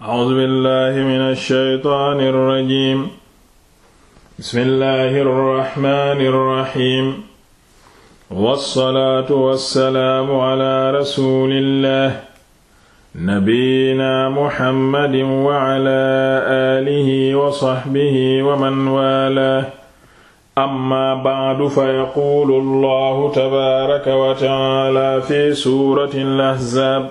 A'uuzu billaahi mina shaytaani rajiim. Bismillaahi rahmaani rahiim. Wassalaatu wassalaamu alaa rasuulillaahi nabiyyinaa Muhammadin wa alaa aalihi wa sahbihi wa man waalaahu. Amma ba'du fa yaquulu Allaahu tabaaraka wa ta'aalaa fi suuratil Ahzaab.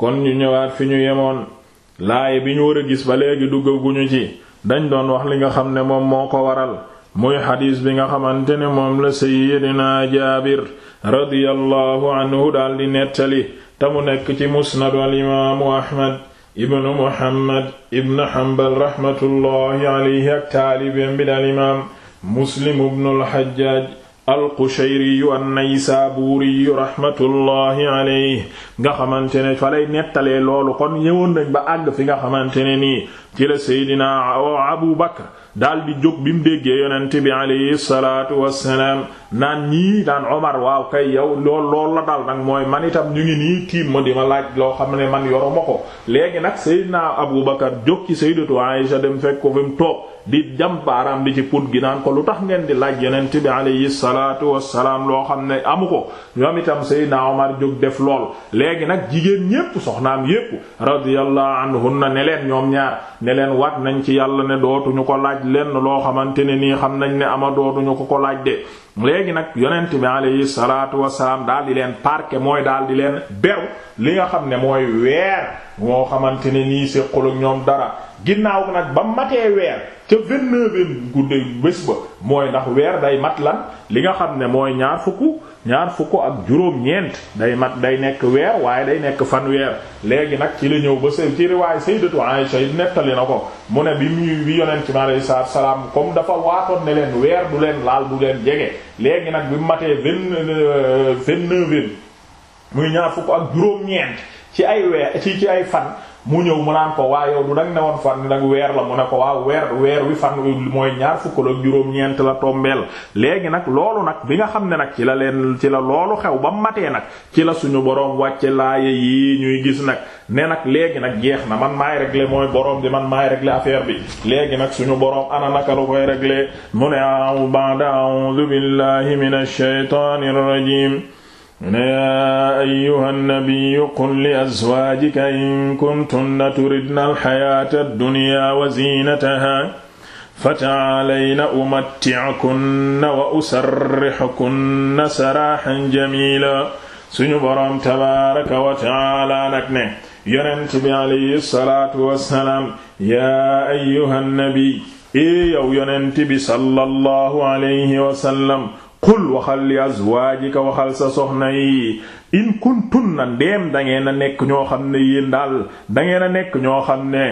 Kon ñu ñëwaat fi ñu yemoon. laaye bi ñu war a gis ba léegi duggaguñu ci dañ doon wax li nga xam ne moom moo ko waral muy xadiis bi nga xamante ne moom la seyyidina jaabir radiyallahu anhu daal di nettali te mu nekk ci musnadu al imaamu ahmad ibnu muhammad ibnu hanbal rahmatullahi alayhi ak taalibeem bi daal imaam muslim ibnu al hajjaaj alqushayriyu annaysaabuuriyu rahmatullahi alayhi nga xamante ne fa lay nettalee loolu kon ñëwoon nañ ba àgg fi nga xamante ne nii ci la seydinaa abu bakar daldi jóg bi mu déggee yonent bi alayhi salaatu wassalaam naan ñii daan Omar waaw kay yow lool lool la dal nag mooy man itam ñu ngi nii tiim ma di ma laaj loo xam ne man yoruma ko léegi nag Seydina Abu Bakar jóg ci Sayyidatu Aisha dem fekk ko fi mu toog di jam baaraam bi ci put gi naan ko lu tax ngeen di laaj yonent bi alayhi salaatu wassalaam loo xam ne amu ko ñoom itam Seydina Omar jóg def lool léegi nag jigéen ñépp soxnaam yépp radiyallahu na ne leen ñoom ñaar ne leen wat nañ ci yàlla ne dootuñu ko laaj lenn loo xamante ne nii xam nañ ne ama ko ko laaj de léegi nag yonent bi alayhi salaatu wasalaam daal di leen parqué mooy daal di leen beru li nga xam ne mooy weer moo xamante ne nii séqul ak ñoom dara ginnaaw nag ba matee weer ca vingt-neuvième gudde bés ba mooy ndax weer day mat lan li nga xam ne mooy ñaar fukk ñaar fukk ak juróom-ñeent day mat day nekk weer waaye day nekk fan weer léegi nag ci la ñëw ba sëy ci riwaay sayyidatu Aisha nettali na ko mu ne bi mu bi yonent mi alayhi salaatu salaam comme dafa waatoon ne leen weer du leen laal du leen jege léegi nag bi mu matee vingt euh, vingt-neuvième muy ñaar fukk ak juróom-ñeent ci ay weer ci ci ay fan mu ñëw mu naan ko waa yow du dang ne woon fan nag weer la mu ne ko waaw weer weer wi fan mooy ñaar fukk ak juróom-ñeent la tombeel léegi nag loolu nag bi nga xam ne nag ci la leen ci la loolu xew ba matee nag ci la suñu boroom wàcce laaye yi ñuy gis nag ne nag léegi nag jeex na man maay régler mooy boroom bi man maay régler affaire bi léegi nag suñu boroom ana naka lu koy régler mu ne aw ba'da a'udhu billahi minash shaytanir rajim ne yaa ayyuha nnabiyu qul li azwaajika in kuntunna turidna alxayaata addunyaa wa ziinataha fataalayna umatti'kunna wa usarrixkunna saraaxan jamiila suñu boroom tabaaraka wa taala nag ne yonent bi alayhi salaatu wassalaam yaa ayyuha nnabi ee yow yonent bi sallallahu alayhi wa sallam xul waxal li ko waxal sa soxna yi in na ndeem da ngeen a nekk ñoo xam ne yéen daal da a nekk ñoo xam ne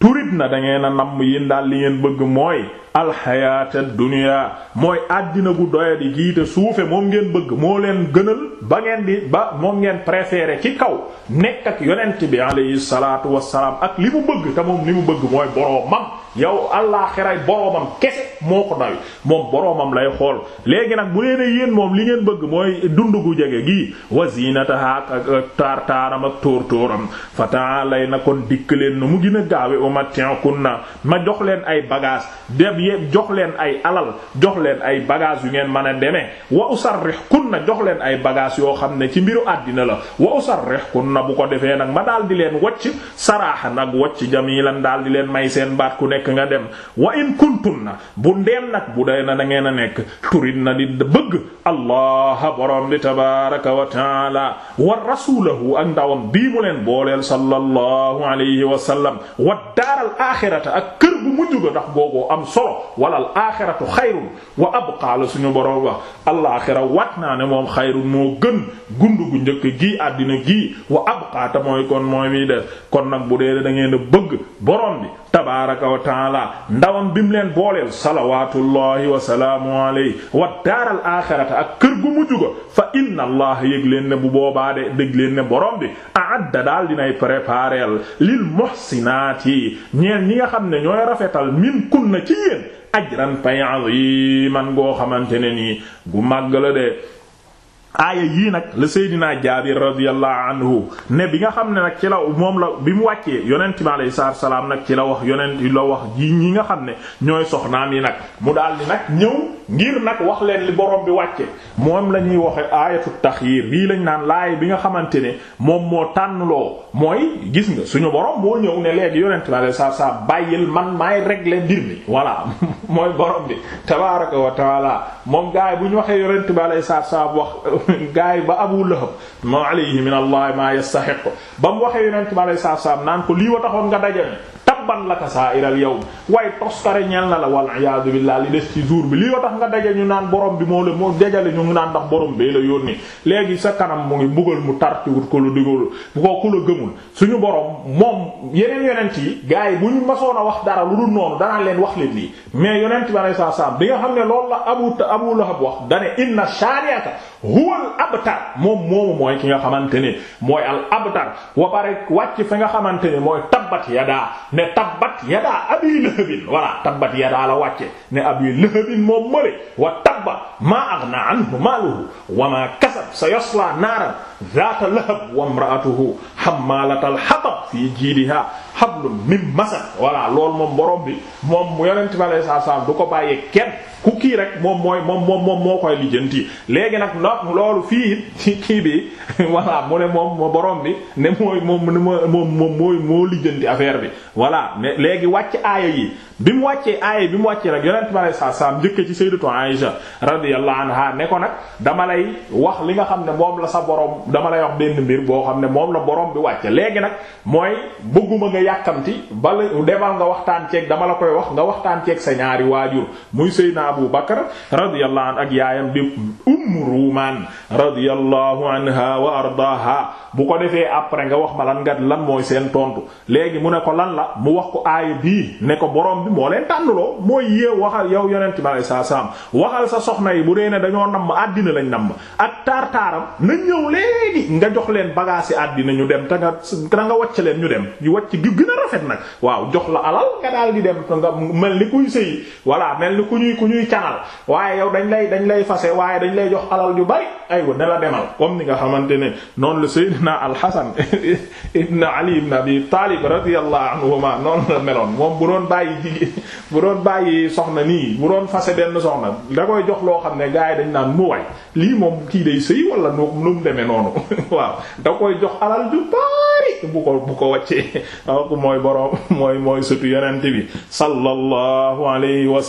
turit na da ngeen a namm yéen daal li ngeen bëgg mooy alxayaata dunya mooy àddina gu doyadi giite suufe moom ngeen bëgg moo leen gënal ba ngeen di ba moom ngeen préféré ci kaw nekk ak yonent bi alayhi salaatu wassalaam ak li mu bëgg te li mu bëgg mooy boroomam yow allaaxiray boroomam kese moo ko doy moom boroomam lay xool léegi nag bu leen yéen moom li ngeen bëgg mooy dund gu jege gi wa zinataha ak taar taaram ak tóor tóoram fataa lay na kon dikk leen nu mu gën a gaawe umatti'kun na ma jox leen ay bagage dem yépp jox leen ay alal jox leen ay bagage yu ngeen mën a demee wa na jox leen ay bagage yoo xam ne ci mbiru àddina la wa usarrihkunna bu ko defee nag ma daal di leen wacc saraaxa nag wacc jamilan daal di leen may seen nekk nga dem wa in kuntunna bu ndeem nag bu day na da ngeen a nekk turid na di bëgg allah borom bi tabaraka wa taala wa rasulahu ak ndawam bii mu leen booleel sallallahu alayhi wa sallam wa daaral ak kër bu mujj ga ndax booboo am solo walal axiratu xayrun wa abqaa la suñu borom wax alaaxira wat naa ne moom xayrun moo gën gundu gu njëkk gii àddina gii wa abqaa ta mooy kon mooy miy def kon nag bu dee da ngeen a bëgg borom bi tabaaraka wa taala ndawam bi mu leen booleel salawaatullahi wa salaamu alayhi wa daaral aaxirata ak kër gu mujj fa inna allah leen ne bu boobaa de dëgg ne boroom bi a'adda daal dinay préparer lil muhsinaati ñeel ñi nga xam ne ñooy rafetal min kunna ci yéen ajran pay aziman goo xamante ne nii gu màgg la de. aaya yii nag la Seydina Jaabir radiyallahu anhu ne bi nga xam ne nag ci la moom la bi mu wàccee yonent bi alayhi salaatu salaam nag ci la wax yonent la wax ji ñi nga xam ne ñooy soxnaam yi nag mu daal di nag ñëw ngir nag wax leen li borom bi wàcce moom la ñuy waxe aayatu taxyiir lii lañ naan laay bi nga xamante ne moom moo tànnloo mooy gis nga suñu borom moo ñëw ne léegi yonent bi alayhi salaatu salaam bàyyil man maay régler mbir mi voilà mooy borom bi tabaaraka wa moom gaay bu ñu waxee yonent bi alayhi salaatu salaam wax gaay ba Abu Lahab ma alayhi min Allah ma yastahiq ba mu waxee yonent bi alayhi salaatu salaam naan ko lii wa taxoon nga dajal tabban laka sa'iral yawm waaye toskare ñeel na la wal iyaadu billaah li des ci jour bi lii yoo tax nga daje ñu naan borom bi moo la moo dajale ñu naan ndax borom bee la yónni léegi sa kanam mu ngi mbugal mu tartiwut ko lu digalu bu ko ku la gëmul suñu borom moom yeneen yonent yi gars yi bu ñu masoon a wax dara lu dul noonu danaa leen wax leen lii mais yonent bi alayhi salaam bi nga xam ne lool la Abu Abu Lahab wax dane inna shari'ata huwal abtar moom moomu mooy ki nga xamante ne mooy al abtar wa bare wàcc fi nga xamante ne mooy tabbat yadaa ne tabbat yadaa abi lahabin walla tabbat yadaa la wàcce ne abi lahabin moom male wa tabba maa aghna anhu maaluhu wa maa kasab sayasla naaran zaata lahab wa imra'atuhu hammaalatal hatab fii jiidihaa hablum min masad walla loolu moom borom bi moom yonent bi alayhi salaam du ko bàyyee kenn ku kii rek moom mooy moom moom moom moo koy lijjanti léegi nag ndox loolu fii it kii bi voilà mu ne moom borom bi ne mooy moom moom moom mooy moo lijjanti affaire bi voilà mais léegi wàcc aaya yi mu wàccee aaya bi mu wàccee rek yonent bi alayhi salaam njëkkee ci sayyidatu Aisha radiyallahu anha ne ko nag dama lay wax li nga xam ne moom la sa borom dama lay wax benn mbir boo xam ne moom la borom bi wàcce léegi nag mooy bëgguma nga yàkkamti bala demal nga waxtaan ceeg dama la koy wax nga waxtaan ceeg sa ñaari waajur muy sayyidina Seydina Abu Bakar radiyallahu anhu ak yaayam di Ummu Ruumaan radiyallahu anha wa ardaaha bu ko defee après nga wax ma lan nga lan mooy seen tontu léegi mu ne ko lan la mu wax ko aaya bii ne ko boroom bi moo leen tànnloo mooy yéew waxal yow yonent ma lay saa saam waxal sa soxna yi bu dee ne dañoo namm àddina lañ namm ak taar taaram na ñëw léegi nga jox leen bagage yi àddina ñu dem te nga da nga wàcc leen ñu dem yu wàcc gi gën a rafet nag waaw jox la alal nga daal di ñuy canal waaye yow dañ lay dañ lay fase waaye dañ lay jox alal ju bari aywa ne la demal comme ni nga xamante ne noonu la Seydina Al-Hasan ibn Ali ibn Abi Talib radiyallahu anhuma noonu la meloon moom bu doon bàyyi jigéen bàyyi soxna nii bu doon fase benn soxna da koy jox loo xam ne gars yi dañ naan mu way lii moom kii day sëy wala nu mu demee noonu waaw da koy jox alal ju bari bu ko bu ko mooy boroom mooy mooy sutu yonent bi sallallahu alayhi wa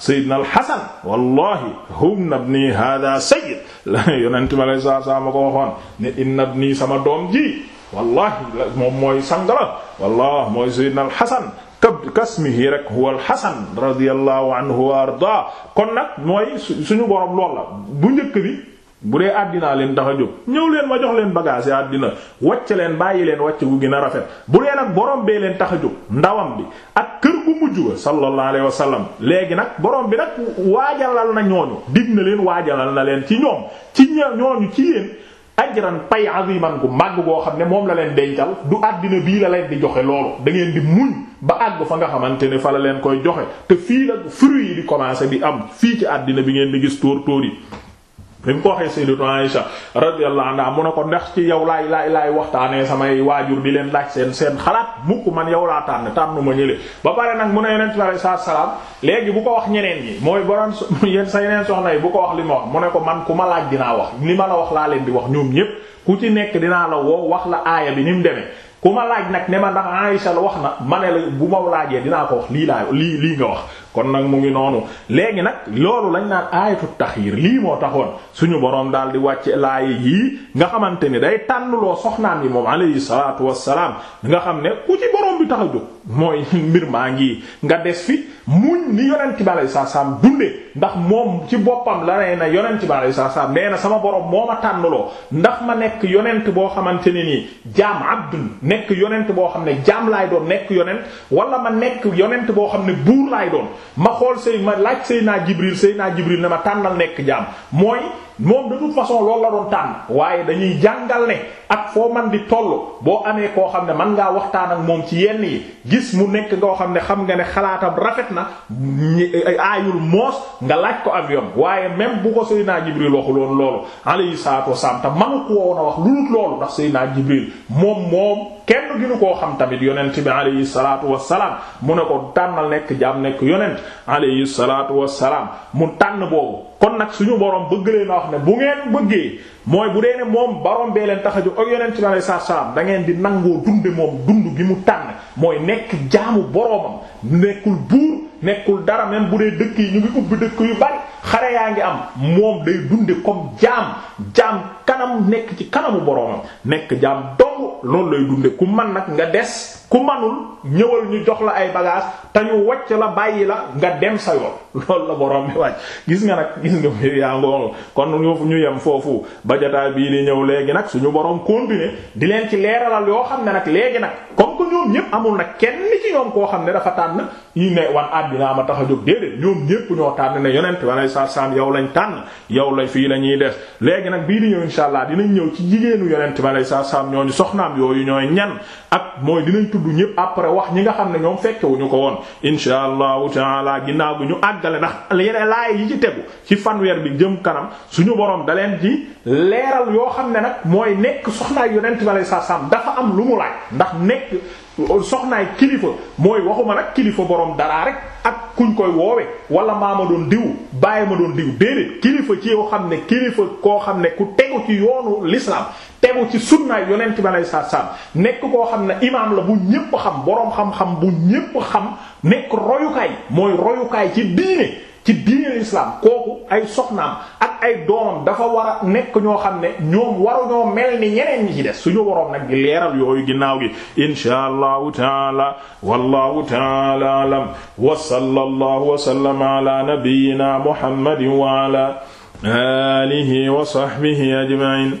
Seydina al-Hasan wallahi humna ibni hada sayyid la yonent ma lay saa saa ma ko waxoon ne inna ibni sama doom ji wallahi moom mooy sangala wallah mooy Seydina al-Hasan kab kasmihi rek huwa al-Hasan radiyallahu anhu wa arda kon nag mooy suñu borom lool la bu njëkk bi bu dee àddinaa leen tax a jóg ñëw leen ma jox leen bagage yi àddina wàcc leen bàyyi leen wàcc gu gën a rafet bu dee nag borom bee leen tax a jóg ndawam bi ak kër bu mujj ba sallallahu alayhi wa léegi nag boroom bi nag waajalal na ñooñu dig na leen waajalal na leen ci ñoom ci ñooñu ci yéen ajran pay aziman gu màgg goo xam ne moom la leen dencal du àddina bii la leen di joxe loolu da ngeen di muñ ba àgg fa nga xamante ne fa la leen koy joxe te fii la fruit yi di commencer di am fii ci àddina bi ngeen di gis tóor yi bi mu ko waxee Sayyidatu Aisha radiyallahu anha mu ne ko ndax ci yow laay laay laay waxtaanee samay waajur bi leen laaj seen seen xalaat mukk man yow laa tànn tànn ma ñële ba pare nag mu ne yonent bi alayhi salaam léegi bu ko wax ñeneen ñi mooy borom yéen sa yeneen soxna yi bu ko wax li ma wax mu ne ko man ku ma laaj dinaa wax li ma la wax laa leen di wax ñoom ñépp ku ci nekk dinaa la woo wax la aaya bi ni mu demee ku ma laaj nag ne ma ndax Aisha la wax na ma ne la bu ma laajee dinaa ko wax lii lii lii wax kon nag mu ngi noonu léegi nag loolu lañ naan aayatu taxyiir lii moo taxoon suñu boroom daal di wàcce laaye yii nga xamante ni day tànnloo soxnaan yi moom alayhi salaatu wassalaam nga xam ne ku ci boroom bi tax a jóg mooy mbir maa ngi nga des fi mu ni yonent bi alayhi salaam dundee ndax moom ci boppam la nee na yonent bi alayhi salaam nee na sama boroom moo ma tànnloo ndax ma nekk yonent boo xamante ne nii jaam abdun nekk yonent boo xam ne jaam laay doon nekk yonent wala ma nekk yonent boo xam ne buur laay doon ma xool sëy ma laaj sëy naa Jibril sëy naa Jibril ne ma tànnal nekk jaam mooy moom de toute façon loolu la doon tànn waaye dañuy jàngal ne ak foo man di toll boo amee koo xam ne man ngaa waxtaan ak moom ci yenn yi gis mu nekk ngoo xam ne xam nga ne xalaatam rafet na aayul moos nga laaj ko avion waaye même bu ko Seydina Jibril waxuloon loolu alayhi salaatu wasalaam te manu ko woon a wax lu dul loolu ndax Seydina Jibril moom moom kenn ginu koo xam tamit yonent bi alayhi salaatu wasalaam mu ne ko tànnal nekk jaam nekk yonent alayhi salaatu wasalaam mu tànn boobu kon nag suñu borom bëgg leen a wax ne bu ngeen bëggee mooy bu dee ne moom borom bee leen tax a jóg ak yonent bi alayhi salaam da ngeen di nangoo dunde moom dund gi mu tànn mooy nekk jaamu boromam nekkul buur nekkul dara même bu dee dëkk yi ñu ngi ubbi dëkk yu bari xare yaa ngi am moom day dunde comme jaam jaam kanam nekk ci kanamu boromam nekk jaam doom lool loolu lay dunde ku man nag nga des ku manul ñëwal ñu jox la ay bagage te ñu wacc la bàyyi la nga dem sa yoon loolu la borom bi wàcc gis nga nag gis nga mbir yaa ngoongu kon ñu yem foofu ba jotaay bii di ñëw léegi nag suñu borom continuer di leen ci leeralal yoo xam ne nag léegi nag comme que ñoom ñépp amul nag kenn ci ñoom koo xam ne dafa tànn yi ne wan àddinaa ma tax a jóg déedéet ñoom ñépp ñoo tànn ne yonent walay sa sam yow lañ tànn yow la fii la ñuy des léegi nag bii di ñëw inshallah dinañ ñëw ci jigéenu yonent walay sa sam ñooñu soxna soxnaam yooyu ñooy ñan ak mooy dinañ tudd ñépp après wax ñi nga xam ne ñoom ñu ko woon insha allahu taala ginnaaw gi ñu àggale ndax yeneen laay yi ci tegu ci fanweer bi jëm kanam suñu borom da leen ci leeral yoo xam ne nag mooy nekk soxnaay yonent bi sa saam dafa am lu mu laaj ndax nekk soxnaay kilifa mooy waxuma nag kilifa boroom dara rek ak kuñ koy woowe wala maa ma doon diw bàyyi ma doon diw déedéet kilifa ci yoo xam ne kilifa koo xam tegu ci sunnaay yonent bi alay saa saam nekk koo xam ne imaam la bu ñépp xam boroom xam-xam bu ñépp xam nekk royukaay mooy royukaay ci diine ci diine lislaam kooku ay soxnaam ak ay doomam dafa war a nekk ñoo xam ne ñoom waru ñoo mel ni ñeneen ñi ci des suñu waroon nag di leeral yooyu ginnaaw gi insha allahu taala wallahu taala alam wa sallallahu wa sallama ala nabiyyina muhammadin wa ala alihi wa sahbihi ajma'in